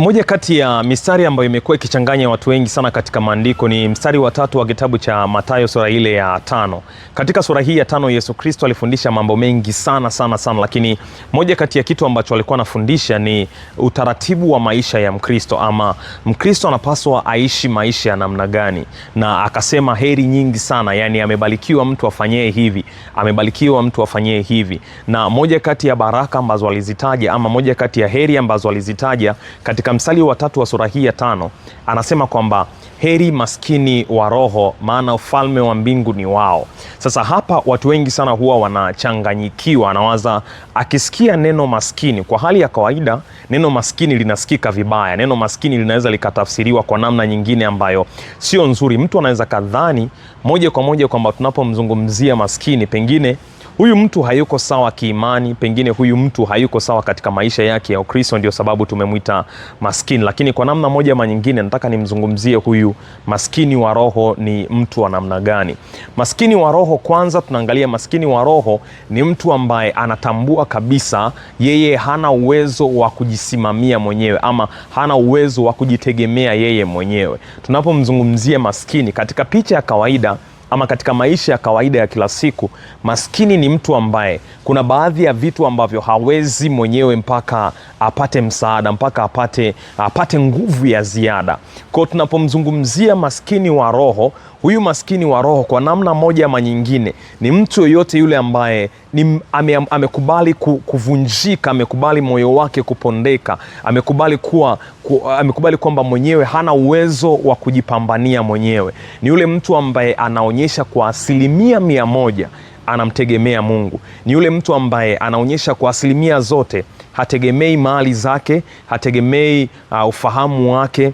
Moja kati ya mistari ambayo imekuwa ikichanganya watu wengi sana katika maandiko ni mstari wa tatu wa kitabu cha Mathayo sura ile ya tano. Katika sura hii ya tano Yesu Kristo alifundisha mambo mengi sana sana sana, lakini moja kati ya kitu ambacho alikuwa anafundisha ni utaratibu wa maisha ya Mkristo, ama Mkristo anapaswa aishi maisha ya namna gani, na akasema heri nyingi sana yani, amebarikiwa mtu afanyee hivi, amebarikiwa mtu afanyee hivi, na moja kati ya baraka ambazo alizitaja ama moja kati ya heri ambazo alizitaja katika katika mstari wa tatu wa sura hii ya tano anasema kwamba heri maskini wa roho, maana ufalme wa mbingu ni wao. Sasa hapa watu wengi sana huwa wanachanganyikiwa, anawaza akisikia neno maskini. Kwa hali ya kawaida, neno maskini linasikika vibaya, neno maskini linaweza likatafsiriwa kwa namna nyingine ambayo sio nzuri. Mtu anaweza kadhani moja kwa moja kwamba tunapomzungumzia maskini pengine huyu mtu hayuko sawa kiimani, pengine huyu mtu hayuko sawa katika maisha yake ya Ukristo, ndio sababu tumemwita maskini. Lakini kwa namna moja ama nyingine, nataka nimzungumzie huyu maskini wa roho. Ni mtu wa namna gani maskini wa roho? Kwanza tunaangalia maskini wa roho ni mtu ambaye anatambua kabisa yeye hana uwezo wa kujisimamia mwenyewe ama hana uwezo wa kujitegemea yeye mwenyewe. Tunapomzungumzia maskini katika picha ya kawaida ama katika maisha ya kawaida ya kila siku, maskini ni mtu ambaye kuna baadhi ya vitu ambavyo hawezi mwenyewe mpaka apate msaada, mpaka apate, apate nguvu ya ziada. kwao tunapomzungumzia maskini wa roho Huyu maskini wa roho kwa namna moja ama nyingine ni mtu yoyote yule ambaye ni, ame, amekubali kuvunjika, amekubali moyo wake kupondeka, amekubali kuwa ku, amekubali kwamba mwenyewe hana uwezo wa kujipambania mwenyewe. Ni yule mtu ambaye anaonyesha kwa asilimia mia moja anamtegemea Mungu. Ni yule mtu ambaye anaonyesha kwa asilimia zote hategemei mali zake, hategemei uh, ufahamu wake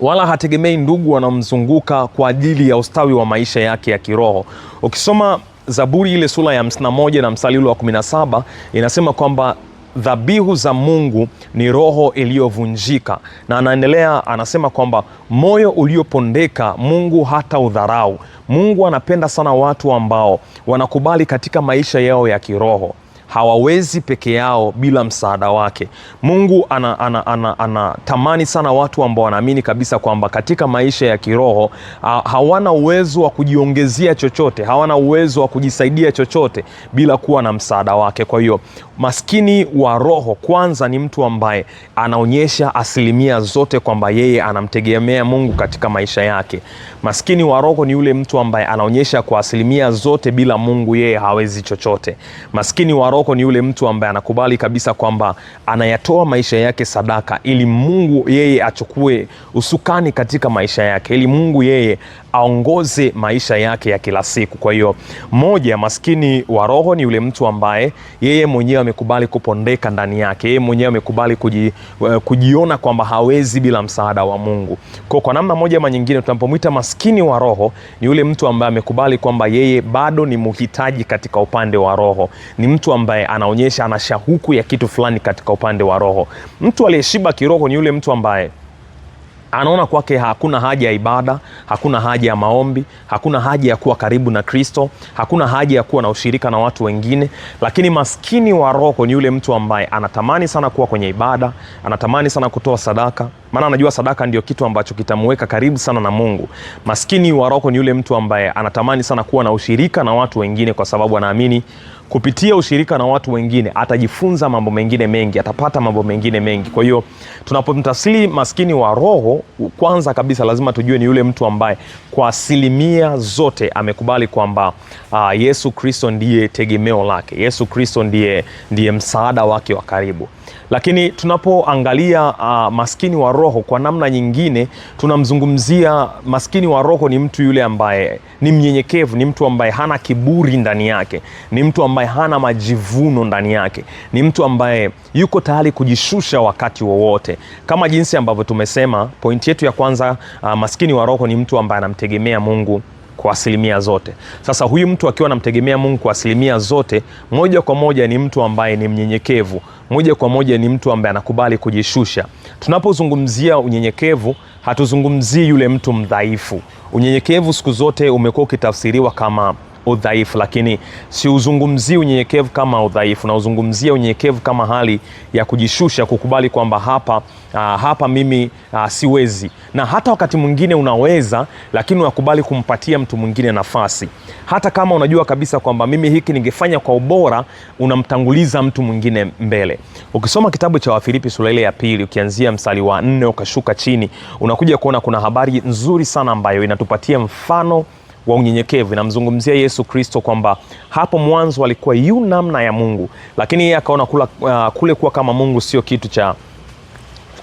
wala hategemei ndugu wanamzunguka kwa ajili ya ustawi wa maisha yake ya kiroho. Ukisoma Zaburi ile sura ya 51 na mstari wa 17 inasema kwamba dhabihu za Mungu ni roho iliyovunjika, na anaendelea anasema kwamba moyo uliopondeka Mungu hata udharau. Mungu anapenda sana watu ambao wanakubali katika maisha yao ya kiroho hawawezi peke yao bila msaada wake. Mungu anatamani ana, ana, ana, sana watu ambao wanaamini kabisa kwamba katika maisha ya kiroho hawana uwezo wa kujiongezea chochote, hawana uwezo wa kujisaidia chochote bila kuwa na msaada wake. Kwa hiyo Maskini wa roho kwanza ni mtu ambaye anaonyesha asilimia zote kwamba yeye anamtegemea Mungu katika maisha yake. Maskini wa roho ni yule mtu ambaye anaonyesha kwa asilimia zote bila Mungu yeye hawezi chochote. Maskini wa roho ni yule mtu ambaye anakubali kabisa kwamba anayatoa maisha yake sadaka ili Mungu yeye achukue usukani katika maisha yake, ili Mungu yeye aongoze maisha yake ya kila siku. Kwa hiyo moja, maskini wa roho ni yule mtu ambaye yeye mwenyewe amekubali kupondeka ndani yake, yeye mwenyewe amekubali kuji, eh, kujiona kwamba hawezi bila msaada wa Mungu. Kwa kwa namna moja ama nyingine, tunapomwita maskini wa roho ni yule mtu ambaye amekubali kwamba yeye bado ni mhitaji katika upande wa roho, ni mtu ambaye anaonyesha ana shauku ya kitu fulani katika upande wa roho. Mtu aliyeshiba kiroho ni yule mtu ambaye anaona kwake hakuna haja ya ibada, hakuna haja ya maombi, hakuna haja ya kuwa karibu na Kristo, hakuna haja ya kuwa na ushirika na watu wengine. Lakini maskini wa roho ni yule mtu ambaye anatamani sana kuwa kwenye ibada, anatamani sana kutoa sadaka maana anajua sadaka ndio kitu ambacho kitamweka karibu sana na Mungu. Maskini wa roho ni yule mtu ambaye anatamani sana kuwa na ushirika na watu wengine, kwa sababu anaamini kupitia ushirika na watu wengine atajifunza mambo mengine mengi, atapata mambo mengine mengi. Kwa hiyo tunapomtafsiri maskini wa roho, kwanza kabisa lazima tujue ni yule mtu ambaye kwa asilimia zote amekubali kwamba uh, Yesu Kristo ndiye tegemeo lake, Yesu Kristo ndiye, ndiye msaada wake wa karibu. Lakini tunapoangalia uh, maskini wa roho roho kwa namna nyingine tunamzungumzia. Maskini wa roho ni mtu yule ambaye ni mnyenyekevu, ni mtu ambaye hana kiburi ndani yake, ni mtu ambaye hana majivuno ndani yake, ni mtu ambaye yuko tayari kujishusha wakati wowote, kama jinsi ambavyo tumesema. Pointi yetu ya kwanza, uh, maskini wa roho ni mtu ambaye anamtegemea Mungu kwa asilimia zote. Sasa huyu mtu akiwa anamtegemea Mungu kwa asilimia zote, moja kwa moja ni mtu ambaye ni mnyenyekevu moja kwa moja ni mtu ambaye anakubali kujishusha. Tunapozungumzia unyenyekevu, hatuzungumzii yule mtu mdhaifu. Unyenyekevu siku zote umekuwa ukitafsiriwa kama udhaifu, lakini siuzungumzii unyenyekevu kama udhaifu, nauzungumzia unyenyekevu kama hali ya kujishusha, kukubali kwamba hapa, aa, ah, hapa mimi aa, ah, siwezi. Na hata wakati mwingine unaweza, lakini unakubali kumpatia mtu mwingine nafasi, hata kama unajua kabisa kwamba mimi hiki ningefanya kwa ubora, unamtanguliza mtu mwingine mbele. Ukisoma kitabu cha Wafilipi sura ile ya pili ukianzia mstari wa nne ukashuka chini, unakuja kuona kuna habari nzuri sana ambayo inatupatia mfano wa unyenyekevu. Inamzungumzia Yesu Kristo kwamba hapo mwanzo alikuwa yu namna ya Mungu, lakini yeye akaona uh, kule kuwa kama Mungu sio kitu cha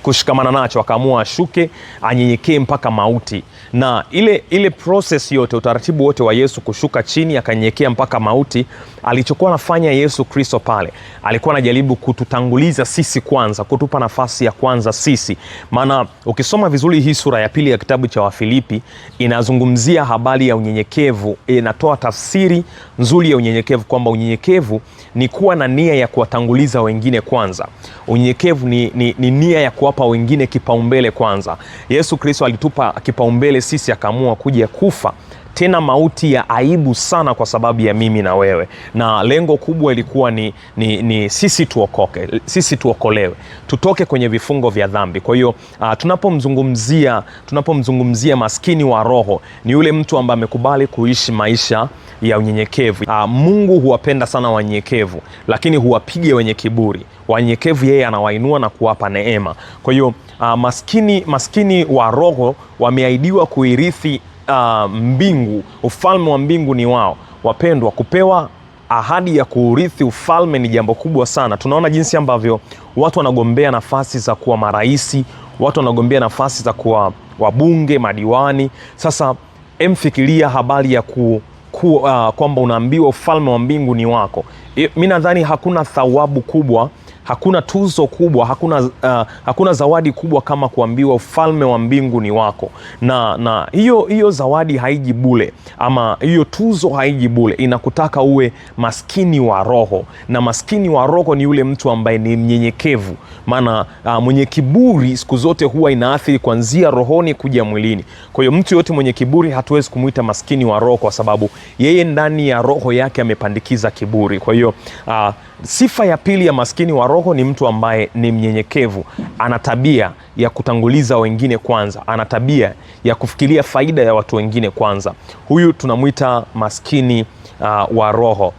kushikamana nacho, akaamua ashuke, anyenyekee mpaka mauti. Na ile ile proses yote, utaratibu wote wa Yesu kushuka chini akanyenyekea mpaka mauti, alichokuwa anafanya Yesu Kristo pale, alikuwa anajaribu kututanguliza sisi kwanza, kutupa nafasi ya kwanza sisi. Maana ukisoma vizuri hii sura ya pili ya kitabu cha Wafilipi inazungumzia habari ya unyenyekevu, inatoa tafsiri nzuri ya unyenyekevu kwamba unyenyekevu ni kuwa na nia ya kuwatanguliza wengine kwanza. Unyenyekevu ni, ni, ni nia ya kuwa kuwapa wengine kipaumbele kwanza. Yesu Kristo alitupa kipaumbele sisi, akaamua kuja kufa tena mauti ya aibu sana kwa sababu ya mimi na wewe, na lengo kubwa ilikuwa ni, ni, ni sisi tuokoke, sisi tuokolewe, tutoke kwenye vifungo vya dhambi. Kwa hiyo uh, tunapomzungumzia tunapomzungumzia maskini wa roho ni yule mtu ambaye amekubali kuishi maisha ya unyenyekevu. Uh, Mungu huwapenda sana wanyenyekevu, lakini huwapige wenye kiburi. Wanyenyekevu yeye anawainua na kuwapa neema. Kwa hiyo uh, maskini maskini wa roho wameahidiwa kuirithi uh, mbingu, ufalme wa mbingu ni wao. Wapendwa, kupewa ahadi ya kuurithi ufalme ni jambo kubwa sana. Tunaona jinsi ambavyo watu wanagombea nafasi za kuwa maraisi, watu wanagombea nafasi za kuwa wabunge, madiwani. Sasa emfikiria habari ya ku, ku uh, kwamba unaambiwa ufalme wa mbingu ni wako. E, mi nadhani hakuna thawabu kubwa Hakuna tuzo kubwa, hakuna, uh, hakuna zawadi kubwa kama kuambiwa ufalme wa mbingu ni wako, na na hiyo hiyo zawadi haiji bule, ama hiyo tuzo haiji bule, inakutaka uwe maskini wa roho, na maskini wa roho ni yule mtu ambaye ni mnyenyekevu, maana uh, mwenye kiburi siku zote huwa inaathiri kuanzia rohoni kuja mwilini. Kwa hiyo mtu yote mwenye kiburi hatuwezi kumwita maskini wa roho, kwa sababu yeye ndani ya roho yake amepandikiza kiburi. Kwa hiyo uh, Sifa ya pili ya maskini wa roho ni mtu ambaye ni mnyenyekevu, ana tabia ya kutanguliza wengine kwanza, ana tabia ya kufikiria faida ya watu wengine kwanza. Huyu tunamwita maskini uh, wa roho.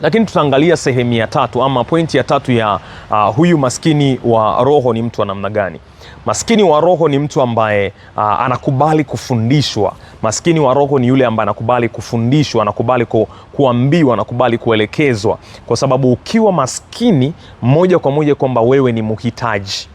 Lakini tutaangalia sehemu ya tatu ama pointi ya tatu ya uh, huyu maskini wa roho ni mtu wa namna gani? Maskini wa roho ni mtu ambaye uh, anakubali kufundishwa. Maskini wa roho ni yule ambaye anakubali kufundishwa, anakubali ku, kuambiwa, anakubali kuelekezwa, kwa sababu ukiwa maskini moja kwa moja kwamba wewe ni mhitaji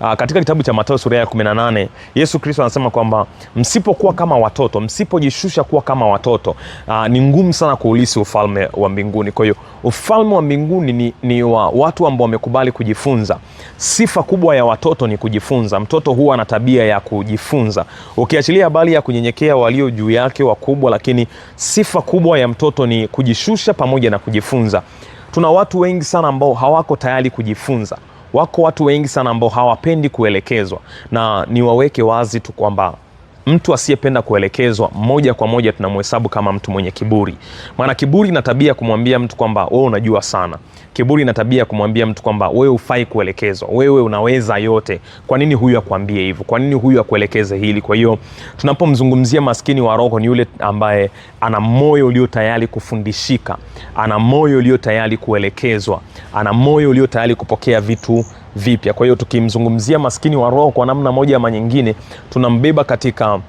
uh, katika kitabu cha Mathayo sura ya 18 Yesu Kristo anasema kwamba msipokuwa kama watoto, msipojishusha kuwa kama watoto uh, ni ngumu sana kuulisi ufalme wa mbinguni. Kwa hiyo ufalme wa mbinguni ni, ni wa watu ambao wamekubali kujifunza. Sifa kubwa ya watoto ni kujifunza. Mtoto huwa na tabia ya kujifunza, ukiachilia habari ya kunyenyekea walio juu yake wakubwa, lakini sifa kubwa ya mtoto ni kujishusha pamoja na kujifunza. Tuna watu wengi sana ambao hawako tayari kujifunza. Wako watu wengi sana ambao hawapendi kuelekezwa, na niwaweke wazi tu kwamba Mtu asiyependa kuelekezwa moja kwa moja tunamhesabu kama mtu mwenye kiburi, maana kiburi ina tabia ya kumwambia mtu kwamba wewe unajua sana. Kiburi ina tabia ya kumwambia mtu kwamba wewe hufai kuelekezwa, wewe unaweza yote. Kwa nini huyu akwambie hivyo? Kwa nini huyu akuelekeze hili? Kwa hiyo tunapomzungumzia maskini wa roho, ni yule ambaye ana moyo ulio tayari kufundishika, ana moyo ulio tayari kuelekezwa, ana moyo ulio tayari kupokea vitu vipya. Kwa hiyo tukimzungumzia maskini wa roho kwa namna moja ama nyingine, tunambeba katika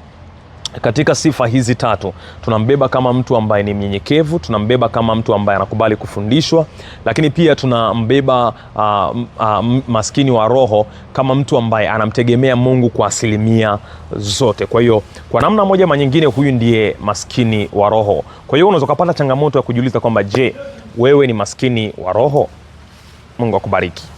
katika sifa hizi tatu tunambeba kama mtu ambaye ni mnyenyekevu, tunambeba kama mtu ambaye anakubali kufundishwa, lakini pia tunambeba uh, uh, maskini wa roho kama mtu ambaye anamtegemea Mungu kwa asilimia zote. Kwa hiyo kwa namna moja ama nyingine, huyu ndiye maskini wa roho. Kwa hiyo unaweza kupata changamoto ya kujiuliza kwamba je, wewe ni maskini wa roho? Mungu akubariki.